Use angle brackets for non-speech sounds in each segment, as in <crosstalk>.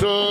to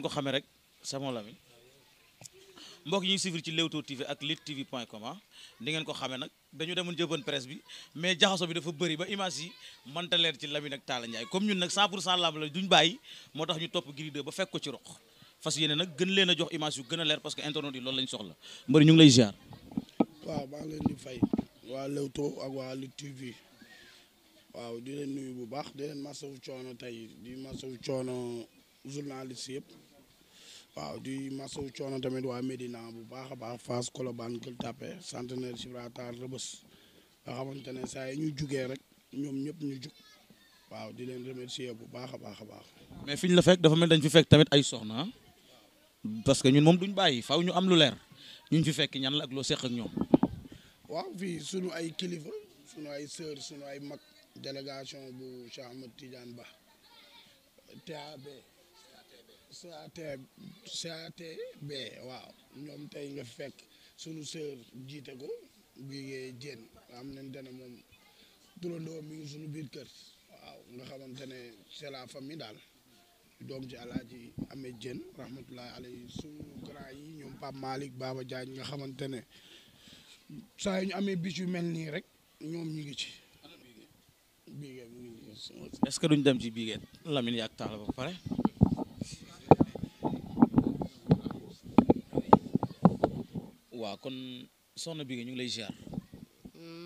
ngeen ko xamee rek sama Lamine mbokk yi ñuy suivre ci Leewtoo TV ak Lutte TV point com ah, di ko xamee nag dañu demoon jëban presse bi mais jaxaso bi dafa bëri ba image yi mënta leer ci Lamine ak Talla Ndiaye comme ñun nag 100 pour cent lamb la duñ bàyyi moo tax ñu topp Gris ba fekk ko ci roq fas yéene nag gën leen a jox image yu gën a leer parce que internet yi loolu lañ soxla mbëri ñu ngi lay ziar. waaw maa ngi di fay waa Leewtoo ak waa Lutte TV waaw di leen bu baax di leen masawu coono tey waaw di masawu coono tamit waa Médina bu baax a baax Fass Colobane Gueule Tapée Centenaire Sibirata Taal Rebeuss nga xamante ne saa yi ñu jugee rek ñoom ñëpp ñu jug waaw di leen remercier bu baax a baax a baax. mais fiñ la fekk dafa mel dañ fi fekk tamit ay soxna parce que ñun moom duñ bàyyi faw ñu am lu leer ñu fi fekk ñan la ak loo seq ak ñoom. waaw fii sunu ay kilifa sunu ay sœur sunu ay mag délégation bu Cheikh Ahmed Tidiane Ba TAB. CATB waaw ñoom tey nga fekk sunu sœur jiite ko Bigué Diène am nañ dana moom turandoo mi ngi suñu biir kër waaw nga xamante ne c'est la famille daal doom ci alaaji amee jën rahmatullahi alayhi sunu grand yi ñoom Pape Malick Baba Diagne nga xamante ne saa yu ñu amee bis yu mel nii rek ñoom ñu ngi ci Bigué mu ngi est que duñ dem ci Bigué Lamine yaag taal ba pare quoi kon soxna bi ñu ngi lay ziar.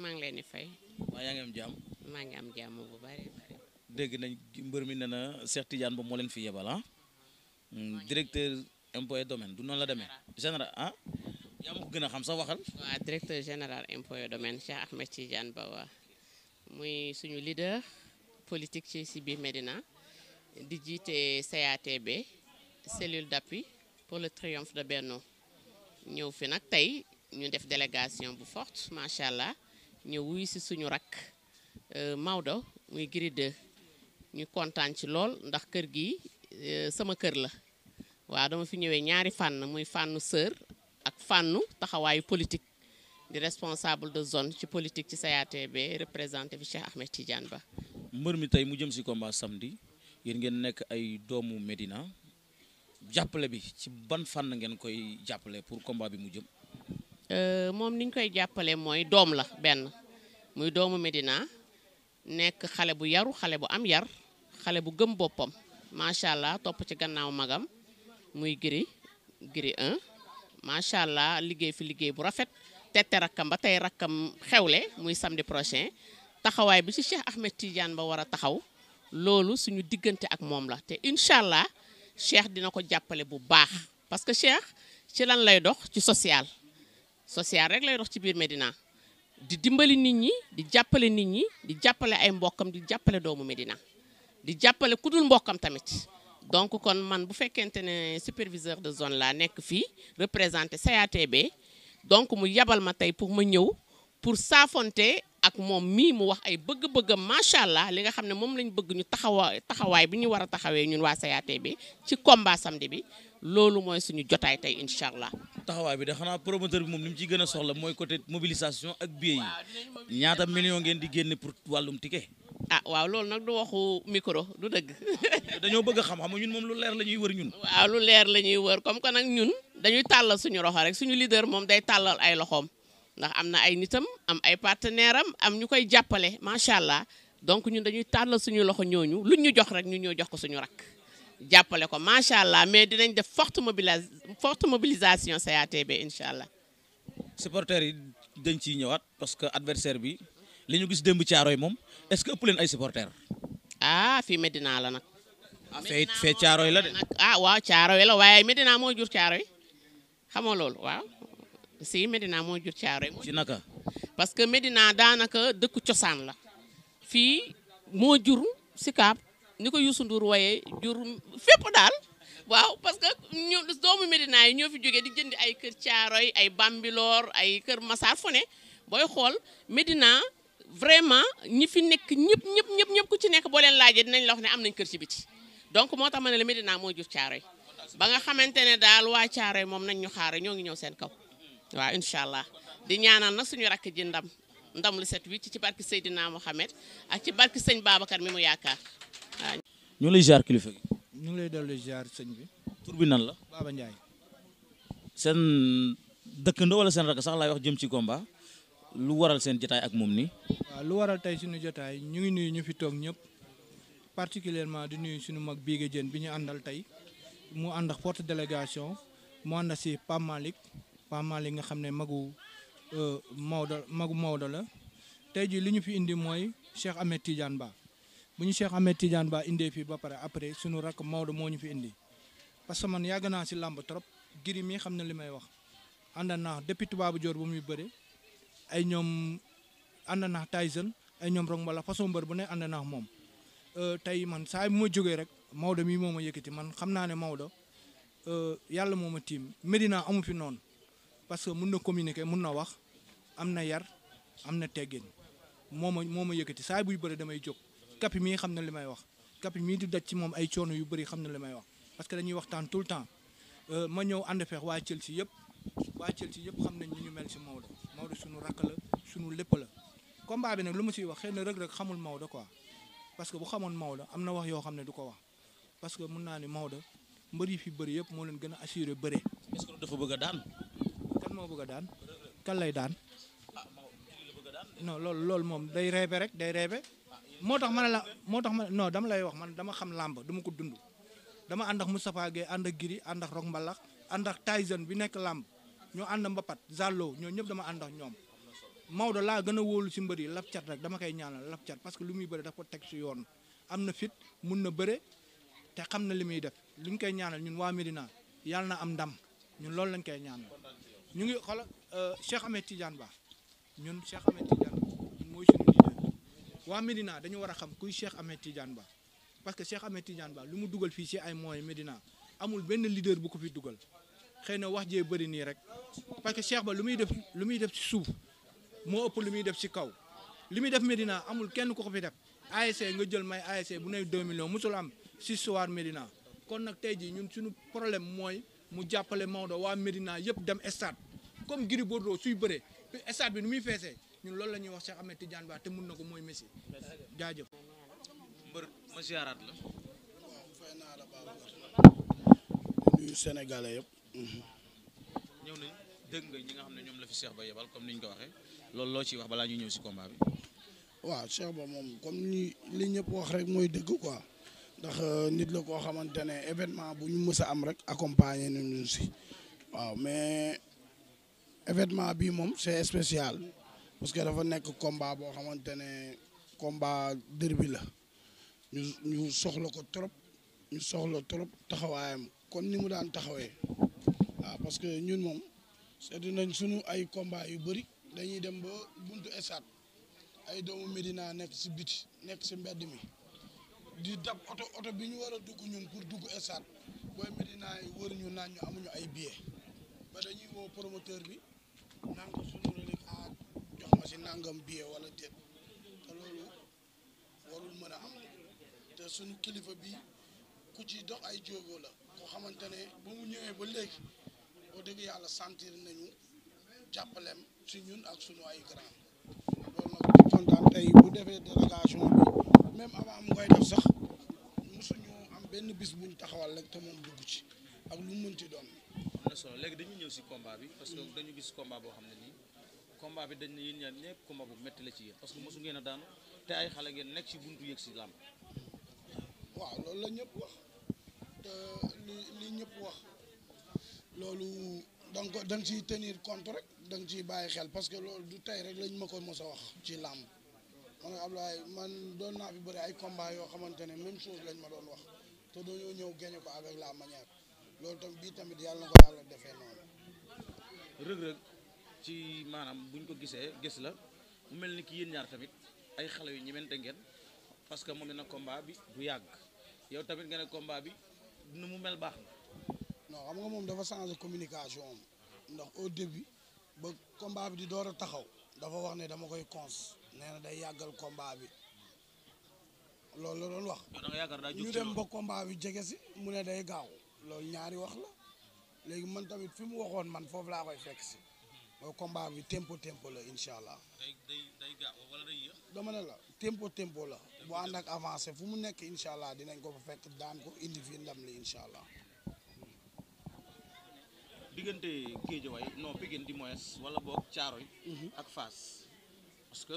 maa ngi leen di fay. waaw am jàmm. maa ngi am jàmm bu bari bari. dégg nañ mbër mi ne na Cheikh Tidiane ba moo leen fi yebal ah. Mm, directeur impôt domaine du noonu la demee. général ah? yaa ma ko gën a xam sax waxal. waaw directeur général impôt et domaine Cheikh Ahmed Tidiane Ba waa muy suñu leader politique ci si biir Médina di jiite CATB cellule d' pour le triomphe de Benno. ñëw fi nag tey ñu def délégation bu forte macha allah ñëw wuy si suñu rakk euh, Maodo muy Gris ñu kontaan ci lool ndax kër gi euh, sama kër la waa dama fi ñëwee ñaari fànn muy fànnu sër ak fànnu taxawaayu politique di responsable de zone ci politique ci CATB représenté fi Cheikh Ahmed Tidiane Ba. mbër mi tey mu jëm si combat samedi yéen ngeen nekk ay doomu Medina. jàppale bi ci ban fan fànn ngeen koy jàppale pour combat bi mu jëm. Euh, moom niñ koy jàppale mooy doom la benn muy doomu Medina nekk xale bu yaru xale bu am yar xale bu gëm boppam macha allah topp ci gannaaw magam muy gri gri 1 macha allah liggéey fi liggéey bu rafet tette rakkam ba tey rakkam xewle muy samedi prochain taxawaay bi ci Cheikh Ahmed Tidiane ba war a taxaw loolu suñu diggante ak moom la te incha allah Cheikh dina ko jàppale bu baax parce que Cheikh ci lan lay dox ci social social rek lay dox ci biir Médina di dimbali nit ñi di jàppale nit ñi di jàppale ay mbokkam di jàppale doomu Médina di jàppale ku dul mbokkam tamit donc kon man bu fekkente ne superviseur de zone laa nekk fii représenté CATB donc mu yabal ma tey pour ma ñëw pour saafonte ak moom mii mu wax ay bëgg-bëggam macha allah li nga xam ne moom lañ bëgg ñu taxawa taxawaay bi ñu war a taxawee ñun waa bi ci combat bi loolu mooy suñu jotaay tey incha allah. taxawaay bi de xanaa promoteur bi moom li mu ciy gën a soxla mooy côté mobilisation ak billets yi ñaata million ngeen di génne pour wàllum ticket. ah waaw loolu nag du waxu micro du dëgg. <laughs> dañoo bëgg a xam xam ñun moom lu leer la ñuy wër ñun. waaw lu leer lañuy ñuy wër comme que nag ñun dañuy tàllal suñu loxo rek suñu leader moom day tàllal ay loxoom. ndax am na ay nitam am ay partenaire am am ñu koy jàppale macha allah donc ñun dañuy tàllal suñu loxo ñooñu luñ ñu jox rek ñu ñoo jox ko suñu rakk jàppale ko macha allah mais dinañ def forte mobilis forte mobilisation CATB incha allah. supporters yi dañ ciy ñëwaat parce que adversaire bi li ñu gis démb Caaroy moom est-ce que ëpp leen ay supporters. ah fii Medina la nag. ah fee fee Caaroy la de. ah waaw Caaroy la waaye Medina moo jur Caaroy xamoo loolu waaw. si Medina moo jur Caaroy si naka parce que Medina daanaka dëkku cosaan la fii moo jur Sicap ni ko Youssou Ndour wooyee jur fépp daal waaw parce que ñu doomu Medina yi ñoo fi jógee di jëndi ay kër Caaroy ay Bambilor ay kër Massar fu booy xool Medina vraiment ñi fi ñëpp ñëpp ñëpp ñëpp ku ci nekk boo leen laajee dinañ la ne am nañ kër ci biti donc moo tax ma ne la Medina moo jur Caaroy ba nga xamante ne daal waa Caaroy moom nañ ñu xaar ñoo ngi ñëw seen kaw waaw incha allah di ñaanal nag suñu rakk ji ndam ndam lu set wicc ci barki Seydina Mohamed ak ci barki sëñ Babacar mi mu yaakaar waaw. ñu lay ziar kilifa gi. ñu ngi lay dellu ziar sëñ bi. tur bi nan la. Baba Ndiaye. seen dëkkandoo wala seen rakk sax laay wax jëm ci combat lu waral seen jotaay ak moom nii. waaw lu waral tey suñu jotaay ñu ngi nuyu ñu fi toog ñëpp particulièrement di nuyu suñu mag Biége Diène bi ñu àndal tey mu ànd ak forte délégation mu ànd si Pape Malick Pape Malick nga xam ne magu euh, Maodo magu Maodo la tey jii li ñu fi indi mooy Cheikh Ahmed Tidiane Ba bu ñu Cheikh Ahmed Tidiane Ba indee fii ba pare après suñu rakk Maodo moo ñu fi indi parce que man yàgg naa si làmb trop giri mi xam na li may wax ànd naa depuis tubaabu joor bu muy bëre ay ñoom ànd naa Tyson ay ñoom rong wala façon mbër bu ne ànd naa moom euh, tey man saa bu ma jógee rek Maodo mii moo ma yëkkati man xam naa ne Maodo euh, yàlla moo ma tiim Medina amu fi noonu. parce que mun na communiquer mun na wax am na yar am na teggin moom ma moo ma yëkkati saa buy bëri damay jóg kapi mii xam na li may wax kapi mii di daj ci moom ay coono yu bëri xam na li may wax parce que dañuy waxtaan tout le temps euh, ma ñëw ànd feex waa Chelsea yëpp waa Chelsea yëpp xam nañ ñu ñu mel si Maodo Maodo suñu rakk la suñu lépp la combat bi nag lu ma siy wax xëy na Reug Reug xamul Maodo quoi parce que bu xamoon Maodo am na wax yoo xam ne du ko wax parce que mun naa ni Maodo mbër yi fi bëri yëpp moo leen gën a assuré bëre. dafa bëgg a moo bëgg a daan kan lay daan non lool lool moom day reebe rek day reebe moo tax ma ne la moo tax ma non dama lay wax man dama xam làmb dama ko dund dama ànd ak Moustapha Gueye ànd ak Giri ànd ak Rock Mbalax ànd ak Tyson bi nekk làmb ñoo ànd mbapat Zallo ñoo ñëpp dama ànd ak ñoom Maodo laa gën a wóolu si mbër yi lap cat rek dama koy ñaanal lap cat parce que lu muy bëre daf ko teg si yoon am na fit mun na bëre te xam na li muy def li ñu koy ñaanal ñu ngi xoolal euh, Cheikh Ahmed Tidiane Ba ñun Cheikh Ahmed Tidiane mooy suñu leader waa Medina dañu war a xam kuy Cheikh Ahmed Tidiane Ba parce que Cheikh Ahmed Tidiane Ba lu mu dugal fii si ay mooy Medina amul benn leader bu ko fi dugal xëy na wax jee bëri nii rek parce que Cheikh Ba lu muy def lu muy def ci suuf moo ëpp lu muy def si kaw li muy def Medina amul kenn ku ko fi def ASC nga jël may ASC bu nay 2 millions musul am si soir Medina kon nag tey jii ñun suñu problème mooy mu jàppale Maodo waa Medina yëpp dem stade comme Gris Bordeaux suy bëree stade bi nu muy feesee ñun loolu la ñuy wax Cheikh Ahmed Tidiane Ba te mun na ko mooy Messi jaajëf. mbër ma ziaraat la. waaw fay yëpp. ñëw nañ dégg nga ñi nga xam ne ñoom la fi Cheikh Ba yebal comme ni ñu ko waxee lool loo ciy wax balaa ñuy ñëw si combat bi. waaw Cheikh moom comme ni li ñëpp wax rek mooy dëgg quoi. ndax euh, nit la koo xamante ne événement bu ñu mës a am rek na nañu si waaw mais événement bi moom c' est parce que dafa nekk combat boo xamante ne combat derby la ñu soxla ko trop ñu soxla trop taxawaayam kon ni mu daan taxawee waaw parce que ñun moom seetlu nañ sunu ay combat yu bëri dañuy dem ba buntu estade ay doomu Medina nekk si biti nekk si mbedd mi di dab oto oto bi ñu war a dugg ñun pour dugg estade booy Medina yi wër ñu naan ñu amuñu ay billets ba dañuy woo promoteur bi. naan ko suñu a jox ma si nangam billet wala déet te loolu warul mën a am te suñu kilifa bi ku ci dox ay jógo la koo xamante ne ba mu ñëwee ba léegi boo dëgg yàlla sentir nañu jàppaleem si ñun ak suñu ay grand loolu nag kontaan tey bu defee délégation bi même avant mu koy def sax mosuñu am benn bis buñ taxawal rek te moom dugg ci ak lu mënti doon de léegi dañuy ñëw si combat bi parce que dañu gis combat boo xam ne nii combat bi dañ ne yéen ñaar ñëpp combat bu métti la ci yéen parce que mosu ngeen a daanu te ay xale ngeen nekk si buntu yëg si làmb waaw loolu la ñëpp wax te ñëpp wax loolu donc da nga ciy tenir compte rek da nga bàyyi xel parce que loolu du tey rek lañ ma ko mos wax ci làmb man Ablaye man doon naa fi bëri ay combat yoo xamante ne même chose lañ ma doon wax te dañoo ñëw gañe ko avec la manière loolu tam bii tamit yàlla na ko yàlla defee noonu. rëg-rëg ci maanaam buñ ko gisee gis la mu mel ni ki yéen ñaar tamit ay xale yu ñemente ngeen parce que moom na combat bi du yàgg yow tamit nga ne combat bi nu mu mel baax na. non moom dafa changé communication am ndax au début ba combat bi di door a taxaw dafa wax ne dama koy cons nee na day yàggal combat bi loolu la doon wax. ñu dem ba kombaa bi jege si mu ne day gaaw. loolu ñaari wax la léegi man tamit fi mu waxoon man foofu laa koy fekk si o combat bi tempo tempo la incha allah. day day dama ne la tempo tempo la. bu ànd ak avancé fu mu nekk incha allah dinañ ko fa fekk daan ko indi fii ndam li incha allah. diggante Géejawaay no Pikine di moyes wala boog yi mhm. ak Fass parce que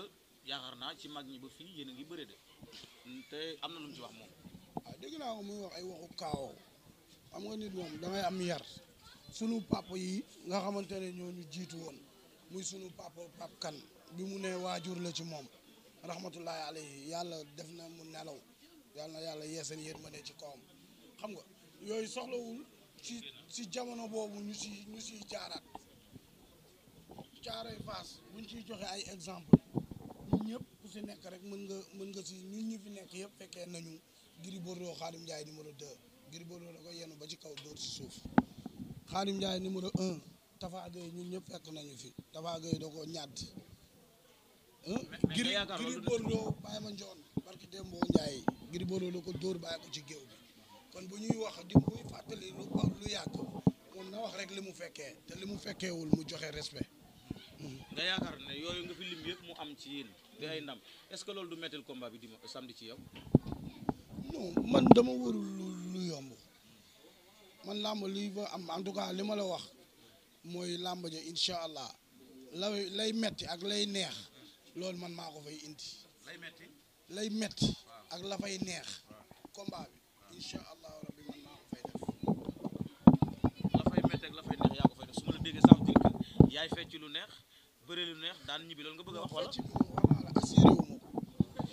yaakaar naa ci mag ñi ba fii yéen a ngi bëre de te am na lu mu ci wax moom. waaw ah, dégg naa ko muy wax ay waxu kaawoo xam nga nit moom dangay am yar sunu papa yi nga xamante ne ñoo ñu jiitu woon muy sunu papa pap kan bi mu ne waajur la ci moom rahmatullahi alayhi yàlla def na mu nelaw yàlla na yàlla yeesal yéen ma ne ci kawam xam nga yooyu soxlawul si ci jamono boobu ñu si ñu siy jaaraat caaray faas buñ ciy joxe ay exemple ñun ñëpp ku si nekk rek mën nga mën nga si ñun ñu fi nekk yëpp fekkee nañu Gris Bordeaux Khadim Ndiaye numéro 2 Gris Bordeaux da ko yenu ba ci kaw dóor ci suuf Xaadim Njaay numéro un Tafa Gueye ñu ñëpp fekk nañu fi Tafa Gueye da ko ñaat Gris Gris ma njoon barki Dembo Njaay Gris Bordeaux la ko dóor bàyyi ko ci géew bi kon bu ñuy wax di muy fàttali lu wax lu yàgg moom na wax rek li mu fekkee te li mu fekkeewul mu joxe respect hmm. nga yaakaar ne yooyu nga fi lim yëpp mu am ci yéen di ay ndam est-ce que loolu du mettil combat bi di samedi ci yow man dama wóorul lu yomb man làmb luy ba am en tout cas li ma la wax mooy làmb ja incha allah la lay metti ak lay neex loolu man maa ko fay indi lay metti ak la fay neex combat bi incha allah rabbi man maa ko fay def la fay metti ak la fay neex yaa ko fay def su ma la déggee ça veut dire yaay fecc lu neex bëre lu neex daan ñibbi loolu nga bëgg a wax wala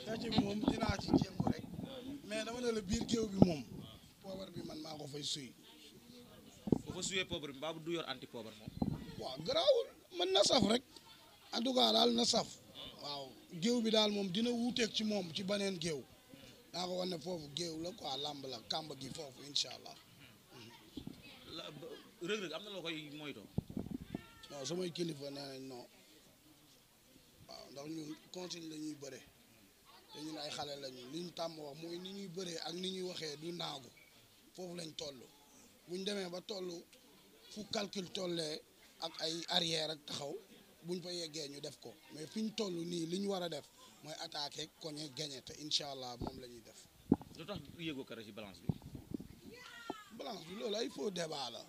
fecc bi moom dinaa ci jéem rek ne la biir géew bi moom poobar bi man maa ko fay suy. bu fa suyee poobar bi mbaa du yor anti poobar moom. waaw garaawul man na saf rek en tout cas daal na saf. waaw géew bi daal moom dina wuuteeg ci moom ci beneen géew daa ko wax foofu géew la quoi làmb la kàmb gi foofu incha allah. Reug Reug am na loo koy moytoo. non samay kilifa nee nañ waaw ndax ñun consigne la ñuy bëre. te ay xale lañu li ñu tàmm mooy ni ñuy bëree ak ni ñuy waxee du naagu foofu lañ toll bu demee ba toll fu calcul tollee ak ay arrière ak taxaw buñ fa yeggee ñu def ko mais fi ñu toll nii li ñu war a def mooy attaquer koñe gagné incha allah moom la ñuy def. lu tax yëgoo kare ci balance bi. balance bi loolu ay la.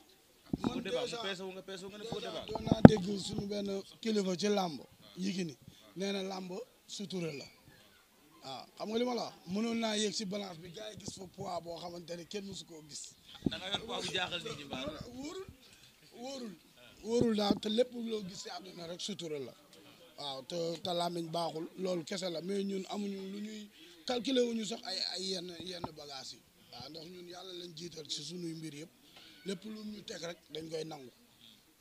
man déjà doon naa dégg suñu benn kilifa ci làmb yi ni nee na làmb sutura la. waaw ah, xam nga li ma la wax mënoon naa yéeg si balance bi gars yi gis fa poids boo xamante ne kenn mësu koo gis. da nga yor poids bu jaaxal loo gis si àdduna rek la waaw te te làmmiñ baaxul loolu kese la mais ñun amuñu lu ñuy calculer ñu sax ay ay yenn yenn bagages yi waaw ndax ñun yàlla lañ jiital si sunuy mbir yëpp lépp lu ñu teg rek dañ koy nangu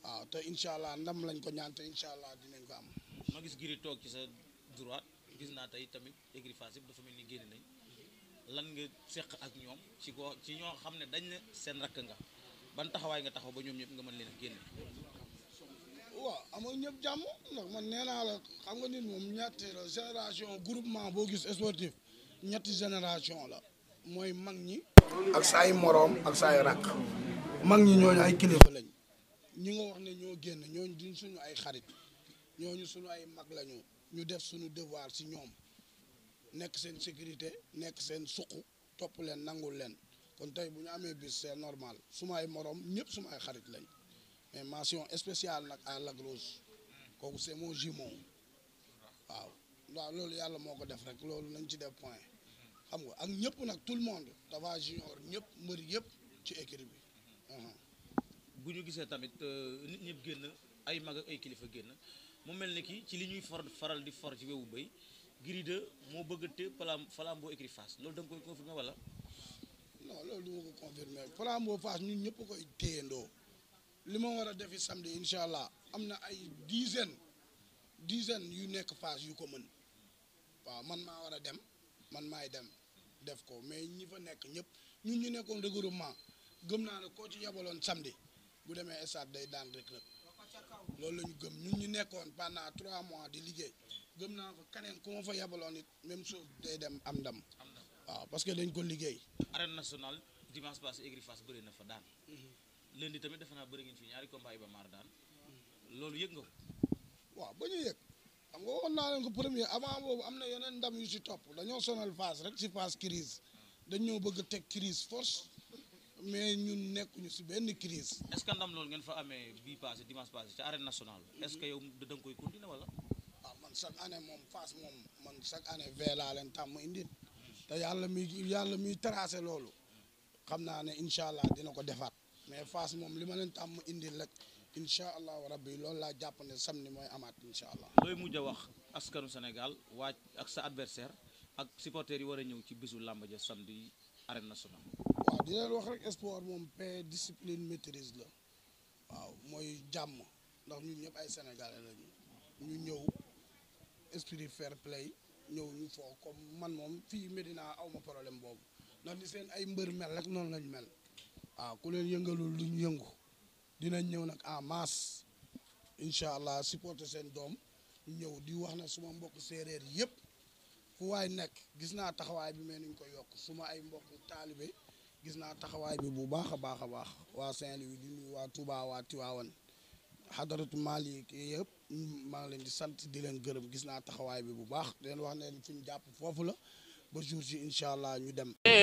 waaw te incha allah ndam lañ ko ñaan te allah dinañ ko am. gis giri toog ci sa droite. gis naa tey tamit écurie Fass yëpp dafa mel ni génn nañ lan nga seq ak ñoom ci koo ci ñoo xam ne dañ ne seen rakk nga ban taxawaay nga taxaw ba ñoom ñett nga mën leen a génne. waaw jàmm ndax man nee naa xam nga nit moom ñetti génération groupement boo gis sportif ñetti génération la mooy mag ñi. ak saay moroom ak saay rakk. mag ñi ñooñu ay kilifa lañ. ñi nga wax ne ñoo génn ñooñu duñ suñu ay xarit ñooñu suñu ay mag lañu. ñu def suñu devoir si ñoom nekk seen sécurité nekk seen suqu topp leen nangul leen kon tey bu ñu amee bis c'est normal sumay morom ñëpp sumay xarit lañ mais mention spéciale nag à Lac Rose kooku c'est mon jumeau waaw waaw loolu yàlla moo ko def rek loolu nañ ci def point xam nga ak ñëpp nag tout le monde dafa junior ñëpp mbër yëpp ci écurie bi uh-huh. bu ñu gisee tamit euh, nit ñëpp génn ay mag ay kilifa génn moo mel ni kii ci li ñuy for faral di for ci wewu béy Gris 2 moo bëgg a téye Flambeau écurie Fass loolu da nga koy confirmer wala. non loolu du ma ko confirmer Flambeau Fass ñun ñëpp koy téyandoo li ma war a defi samedi incha allah am na ay dizaine dizaine yu nekk Fass yu ko mën waaw man maa war a dem man maay dem def ko mais ñi fa nekk ñëpp ñun ñu nekkoon regroupement gëm naa ne koo ci yebaloon samedi bu demee stade day daan rek rek. loolu la ñu gëm ñun ñu nekkoon pendant trois mois di liggéey gëm naa ko keneen ku ma fa yabaloon it même chose day dem am ndam. am ndam waaw parce que dañ ko liggéey. arène nationale dimanche passé Aigri Fass na fa daan. Mhm. lundi tamit defe naa bëri ngeen fi ñaari combat yi ba maar daan. Mhm. loolu yëg nga ko. waaw ba ñu yëg xam nga waxoon naa leen ko premier avant boobu am na yeneen ndam yu si topp dañoo sonal Fass rek si Fass crise ah. dañ ñoo bëgg teg crise force. mais ñun nekkuñu si benn crise est ce que ndam loolu ngeen fa amee bii passé dimanche passé ci arène national est ce que yow da nga koy continuer wala. waaw ah, man chaque année moom Fass moom man chaque année vee laa leen tàmm indi te yàlla mi yàlla miy tracé loolu xam naa ne incha allah dina ko defaat mais Fass moom li ma leen tàmm indi rek incha allahu rabbi loolu laa jàpp ne samedi mooy amaat incha allah. looy mujj a wax askanu Sénégal waaj ak sa adversaire ak supporters yi war a ñëw ci bisu làmb ja samedi arène nationale. waaw di leen wax rek sport moom paix discipline maitrise la waaw mooy jàmm ndax ñun ñëpp ay sénégalais lañu ñu ñëw esprit fair play ñëw ñu foo comme man moom fii Medina aw ma problème boobu ndax di seen ay mbër mel rek noonu lañ mel waaw ku leen yëngalul duñ yëngu dinañ ñëw nag en masse incha allah supporter seen doom ñëw di wax na suma mbokk séeréer yëpp fu waay nekk gis naa taxawaay bi mel ni ko yokk suma ay mbokk taalibe gis naa taxawaay bi bu baax a baax a baax waa Saint-Louis di nuyu waa Touba waa Tivaouane xadaratu Malick yëpp maa ngi leen di sant di leen gërëm gis naa taxawaay bi bu baax di leen wax ne fi jàpp foofu la ba jour ji incha allah ñu dem.